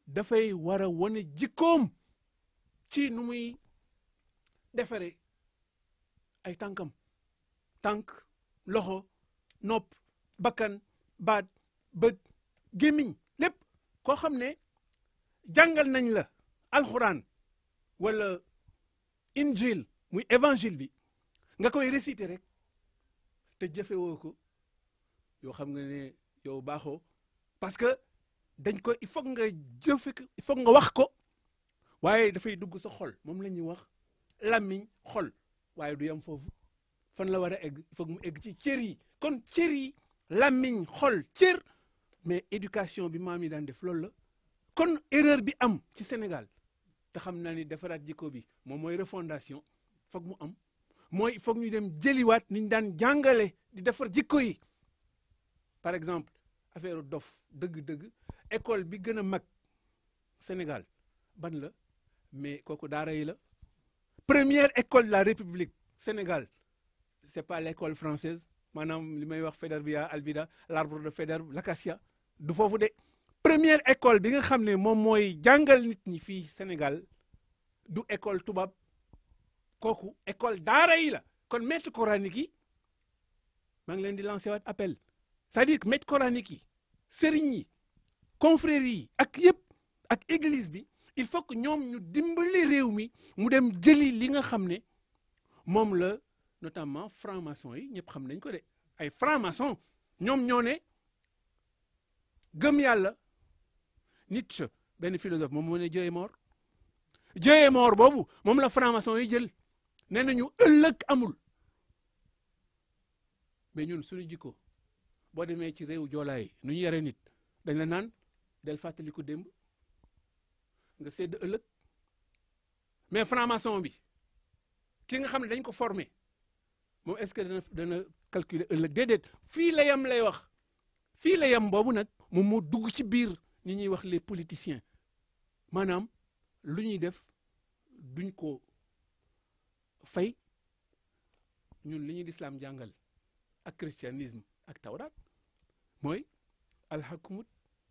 dafay war a wane jikkoom ci nu muy defaree ay tànkam tànk loxo nopp bakkan baat bët gémmiñ lépp koo xam ne jàngal nañ la alxuraan wala injil muy évangile bi nga koy réciter rek te jëfewoo ko yoo xam nga ne yow baaxoo parce que dañ ko il faut nga jëfe il faut nga wax ko waaye dafay dugg sa xol moom la ñuy wax làmmiñ xol waaye du yam foofu fan la war a egg foog mu egg ci cër yi kon cër yi làmmiñ xol cër mais éducation bi maam yi daan def loolu la kon erreur bi am ci Sénégal te xam naa ni defaraat jikko bi moom mooy refondation foog mu am mooy foog ñu dem jëliwaat ni daan jàngale di defar jikko yi par exemple affaire dof dëgg-dëgg école bi gën a mag Sénégal ban la mais kooku daara yi la première école de la République Sénégal c'est pas l'école française maanaam li may wax Fédérbia Albida l'arbre de bu l'acacia du foofu de première école bi nga xam ne moom mooy jàngal nit ñi fii Sénégal du école tubaab kooku école daara yi la kon maître coranique yi maa ngi leen di lancer waat appel c'est-à-dire que maître coranique yi sëriñ yi confrérie ak yëpp ak église bi il faut que ñoom ñu dimbali réew mi mu dem jëli li nga xam ne moom la notamment franc-maçon yi ñëpp xam nañ ko de ay franc-maçon ñoom ñoo ne gëm yàlla nit benn philosophe moom moo ne Dieu est mort Dieu boobu moom la franc-maçon yi jël nee nañu ëllëg amul mais ñun suñu jikko boo demee ci réew joolaa yi nu ñu yare nit dañ la naan del fàttaliku démb nga sedd ëllëg mais franc-maçon bi ki nga xam ne dañ ko formé moom est-ce que dana dana calculer ëllëg déedéet fii la yem lay wax fii la yem boobu nag moom moo dugg ci biir ni ñuy wax les politiciens maanaam lu ñuy def duñ ko fay ñun lu ñuy lislam jàngal ak christianisme ak tawraat mooy alhakumut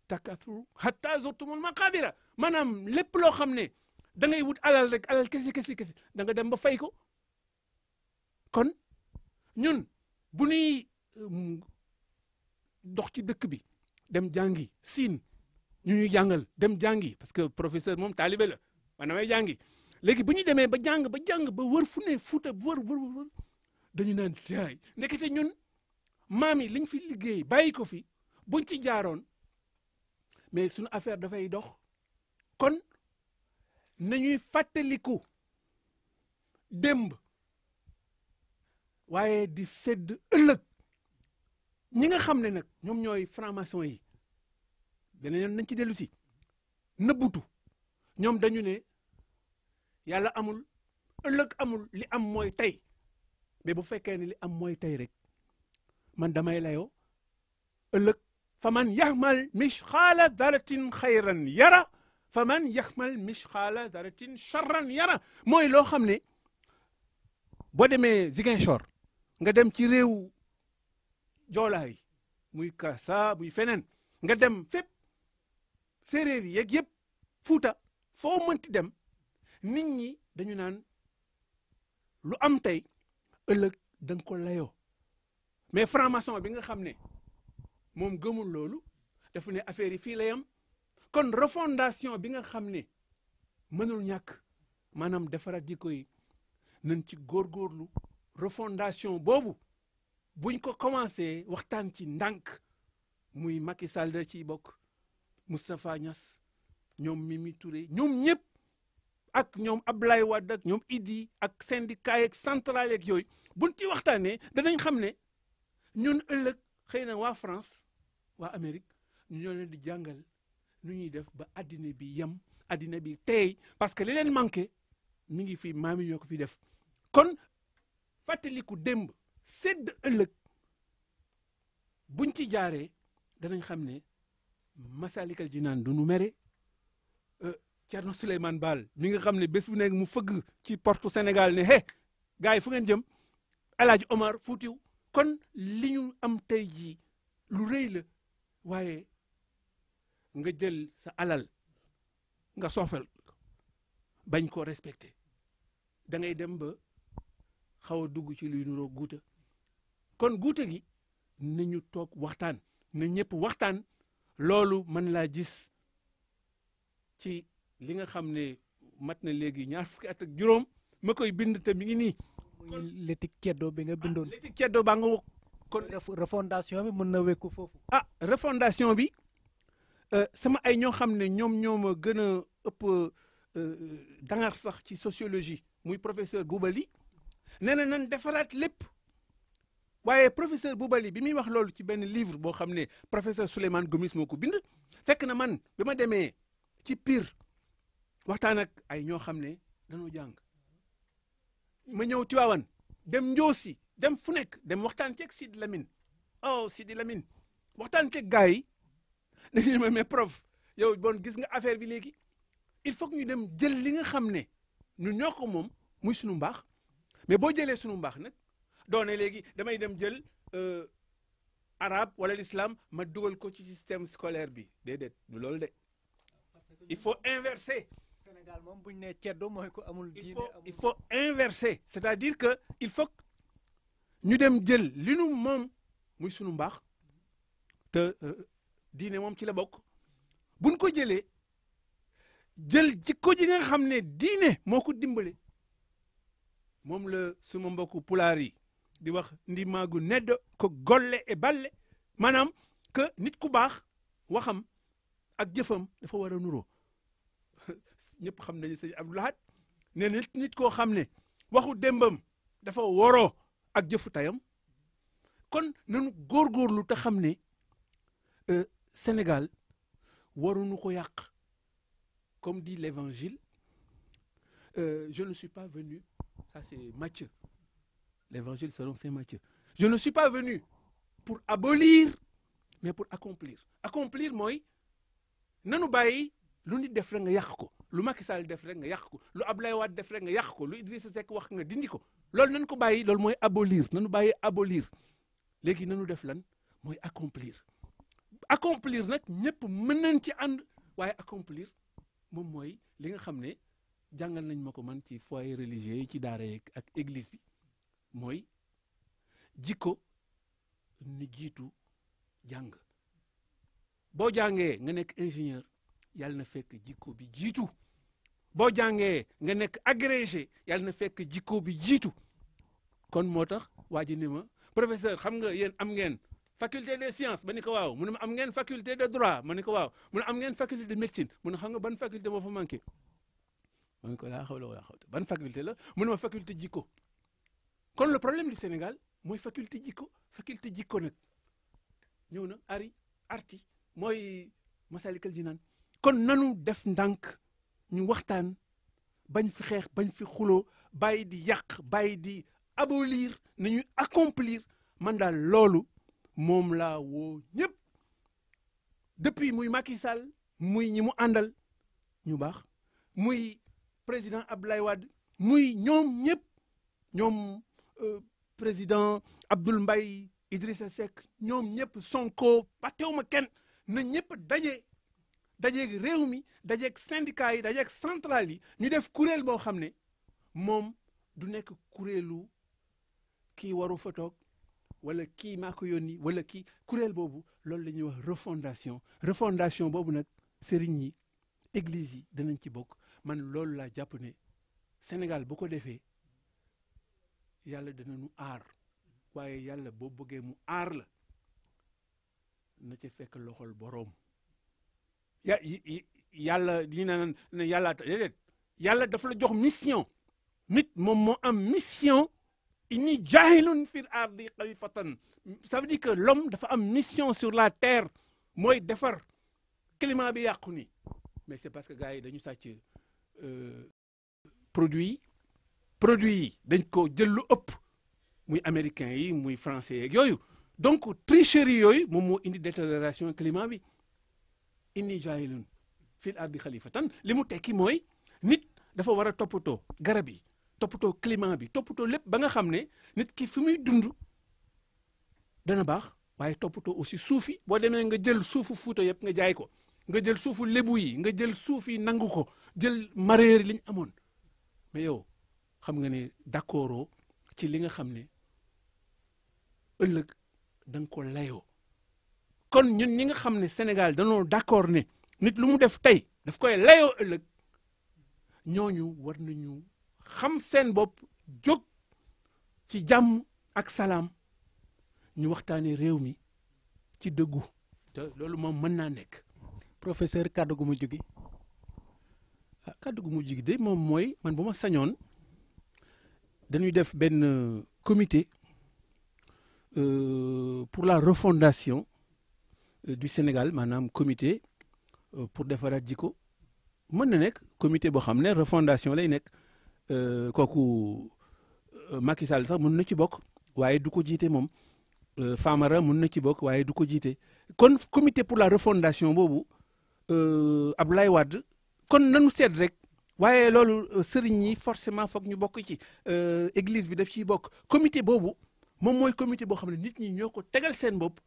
takathur hatta zurtumul maqabira maanaam lépp loo xam ne da ngay wut alal rek alal kese kese kese da nga dem ba fay ko kon ñun bu ñuy euh, dox ci dëkk bi dem jàngi siin ñu ñuy jàngal dem jàngi parce que professeur moom taalibe la man damay jàngi léegi bu ñu demee ba jàng ba jàng ba wër fu ne fuuta wër wër wër dañu naan jaay ndekete ñun maam yi liñ fi liggéey bàyyi ko fi buñ ci jaaroon mais suñu affaire dafay dox kon nañuy fàttaliku démb waaye di sedd ëllëg ñi nga xam ne nag ñoom ñooy franc yi beneen yoon nañ ci dellu si nëbbutu ñoom dañu ne yàlla amul ëllëg amul li am mooy tey mais bu fekkee ne li am mooy tey rek man damay layoo ëllëg fa man yaxmal misxaala daratin xayran yara fa man yaxmal misxaala daratin charran yara mooy loo xam ne boo demee Ziguinchor nga dem ci réew joolaay muy kasa muy feneen nga dem fépp séréer yi yeeg yëpp fuuta foo mënti dem nit ñi dañu naan lu am tey ëllëg da nga ko mais franc-maçon bi nga xam ne moom gëmul loolu dafa ne affaire yi fii la yam kon refondation bi nga xam ne mënul ñàkk maanaam defaraat jikko yi nañ ci góorgóorlu refondation boobu buñ ko commencé waxtaan ci ndànk muy Macky Sall da ciy bokk Moustapha Niass ñoom Mimi Touré ñoom ñëpp ak ñoom abla Wade ak ñoom Idi ak syndicat yeeg central yeeg yooyu buñ ci waxtaanee danañ xam ne ñun ëllëg xëy na waa France waa Amérique ñu ñoo leen di jàngal nu ñuy def ba addina bi yem addina bi tey parce que li leen manqué mi ngi fi maam yi ñoo ko fi def kon fàttaliku demb sedd ëllëg buñ ci jaaree danañ xam ne masalikal jinaan du nu mere euh, Thierno Souleymane Baal mi nga xam ne bés bu nekk mu fëgg ci portu Sénégal ne he gars yi fu ngeen jëm El Hadj Omar Foutiw kon li ñu am tey jii lu rëy la waaye nga jël sa alal nga soofal bañ koo respecte dangay ngay dem ba xaw a dugg ci luy nuroo guuta kon guuta gi nañu toog waxtaan na ñëpp waxtaan loolu mën laa gis ci li nga xam ne mat na léegi ñaar fukki at juróom ma koy bind te mi ngi nii. muy letik ceddo bi nga ah, bindoon. letik ceddo baa nga kon refondation bi mën na wekku foofu. ah refondation bi euh, sama ay ñoo xam ne ñoom ñoom gën a ëpp euh, euh, dangar sax ci sociologie muy professeur Boubali nee na nan defaraat lépp waaye professeur bu Boubali bi muy wax loolu ci benn livre boo xam ne professeur Souleymane Gomis moo ko bind fekk na man bi ma demee ci piir waxtaan ak ay ñoo xam ne dañoo jàng ma ñëw waawan dem Njoosi dem fu nekk dem waxtaan ceeg Sidi oh Sidi lamin waxtaan ceeg gars yi dañu ma mais prof yow bon gis nga affaire bi léegi il faut ñu dem jël li nga xam ne ñun ñoo ko moom muy suñu mbaax mais boo jëlee sunu mbaax nag doone léegi damay dem jël euh, arab wala l'islam ma dugal ko ci système scolaire bi déedéet du loolu de il faut inverser. Sénégal moom bu ñu nee ceddo mooy ko amul diine amul il faut inverser cest à que il ñu dem jël li nu moom muy sunu mbaax te euh, diine moom ci la bokk buñ ko jëlee jël jikko ji nga xam ne diine moo ko dimbale. moom la suma mbokku pulaar yi di wax ndimaagu nedd ko golle e balle maanaam que nit ku baax waxam ak jëfam dafa war a nuroo ñëpp xam nañu sëñ Abdou nee nit koo xam ne waxu démbam dafa woroo ak jëfu tayam kon nanu góorgóorlu te xam ne euh, Sénégal waruñu ko yàq comme dit l'évangile euh, je ne suis pas venu Ça, ah, c'est Matthieu. L'évangile selon Saint Matthieu. Je ne suis pas venu pour abolir, mais pour accomplir. Accomplir mooy nanu bàyyi lu nit def rek nga yàq ko lu Macky Sall def rek nga yàq ko lu Abdoulaye Wade def rek nga yàq ko lu Idrissa Seck wax nga dindi ko loolu nañ ko bàyyi loolu mooy abolir nanu bàyyi abolir léegi nanu def lan mooy accomplir accomplir nag ñëpp mën nañ ci ànd waaye accomplir moom mooy li nga xam ne jàngal nañ ma ko man ci foyer religieux yi ci daara yeeg ak église bi mooy jikko ni jiitu jàng boo jàngee nga nekk ingénieur yàlla na fekk jikko bi jiitu boo jàngee nga nekk agrégé yàlla na fekk jikko bi jiitu kon moo tax waa ji ni ma professeur xam nga yen am ngeen faculté des sciences ba ni ko waaw mu ne am ngeen faculté de droit ma ni ko waaw mu ne am ngeen faculté de médecine mu ne xam nga ban faculté moo fa manqué ma ne ko laa ban faculté la mu ne ma faculté jikko kon le problème du Sénégal mooy faculté jikko faculté jikko nag ñëw na ari arti mooy masalikal jinaan kon nanu def ndànk ñu waxtaan bañ fi xeex bañ fi xuloo bàyyi di yàq bàyyi di abolir nañuy accomplir man daal loolu moom laa woo ñëpp depuis muy Macky Sall muy ñi mu àndal ñu baax président Abdoulaye Wade muy ñoom ñëpp ñoom euh, président Abdoul Mbaye Idrissa Seck ñoom ñëpp Sonko ma kenn na ñëpp daje dajeeg réew mi dajeeg syndicat yi dajeeg central yi ñu def kuréel boo xam ne moom du nekk kuréelu kii waru fa toog wala kii maa ko wala kii kuréel boobu loolu la ñuy wax refondation refondation boobu nag sëriñ yi église yi danañ ci bokk man loolu laa jàpp ne Sénégal bu ko defee yàlla dina nu aar waaye yàlla boo bëggee mu aar la na ca fekk loxol borom ya yàlla di na ne yàlla déedéet la jox mission nit moom moo am mission inni jaahilun fil ardi xalifatan ça veut dire que l'homme dafa am mission sur la terre mooy defar climat bi yàqu ni mais c'est parce que gars yi dañu sàcc Euh, produits yi produits yi dañ ko jël lu ëpp muy américains yi muy français yooyu donc tricherie yooyu moom moo indi détérioration climat bi inni jaayilun fil ardi xalifatan li mu tekki mooy nit dafa war a toppatoo garab yi toppatoo climat bi toppatoo lépp ba nga xam ne nit ki fi muy dund dana baax waaye toppatoo aussi suuf yi boo demee nga jël suufu Fuuta yëpp nga jaay ko nga jël suufu lébu yi nga jël suuf yi nangu ko jël maréer li amoon mais yow xam nga ne d'accord ci li nga xam ne ëllëg da nga ko layoo kon ñun ñi nga xam ne Sénégal danoo d'accord ne nit lu mu def tey daf koy layoo ëllëg ñu war nañu xam seen bopp jóg ci jàmm ak salaam ñu waxtaanee réew mi ci dëggu te loolu moom mën naa nekk professeur kàddu gu mujj gi ah de moom mooy man bu ma sañoon dañuy def benn euh, comité euh, pour la refondation euh, du Sénégal maanaam comité pour defaraat jikko mën na nekk comité boo xam ne refondation lay nekk kooku Macky Sall sax mën na ci bokk waaye du ko jiite moom Famara mën na ci bokk waaye du ko jiite kon comité pour la refondation boobu. Euh, lay Wade kon nanu seet rek waaye loolu euh, sëriñ yi forcément foog ñu bokk ci euh, église bi daf ciy bokk comité boobu moom mooy comité boo xam ne nit ñi ñoo ko tegal seen bopp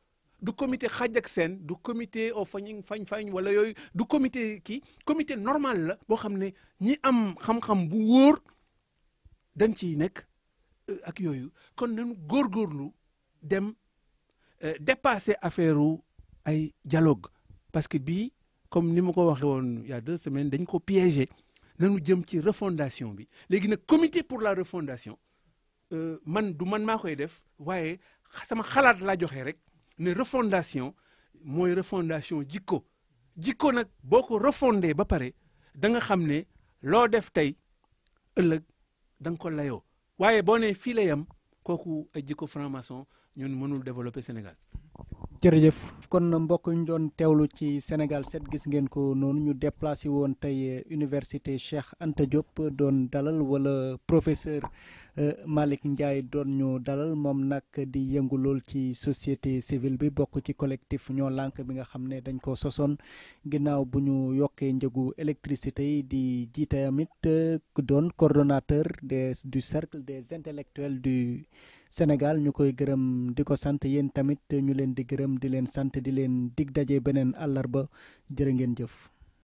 du comité xaj ak seen du comité o fañ fañ fañ wala yooyu du comité kii comité normal la boo xam ne ñi am xam-xam bu wóor dañ ci nekk ak yooyu kon góor góorlu dem dépasser affaire ay dialogue parce que comme ni ma ko waxee woon il y semaines dañ ko piégé nañu jëm ci refondation bi léegi nag comité pour la refondation euh, man du man maa koy def waaye sama xalaat laa joxe rek ne refondation mooy refondation jikko jikko nag boo ko refondé ba pare da nga xam ne loo def tey ëllëg da nga ko layoo waaye boo ne fii la yam kooku ay jikko franc-maçon ñun mënul développer Sénégal jërëjëf kon mbokk ñu doon teewlu ci Sénégal set gis ngeen ko noonu ñu déplacé woon tey euh, université Cheikh Anta euh, doon dalal wala professeur euh, Malick Ndiaye doon ñu dalal moom nag di yëngu lool ci société civile bi bokk ci collectif ñoo lànk bi nga xam ne dañ ko sosoon ginnaaw bu ñu yokkee njëgu électricité yi di jiite amit doon coordonnateur des du cercle des intellectuels du Sénégal ñu koy gërëm di ko sant yéen tamit ñu leen di gërëm di leen sant di leen dig daje beneen àllarba jërë ngeen jëf.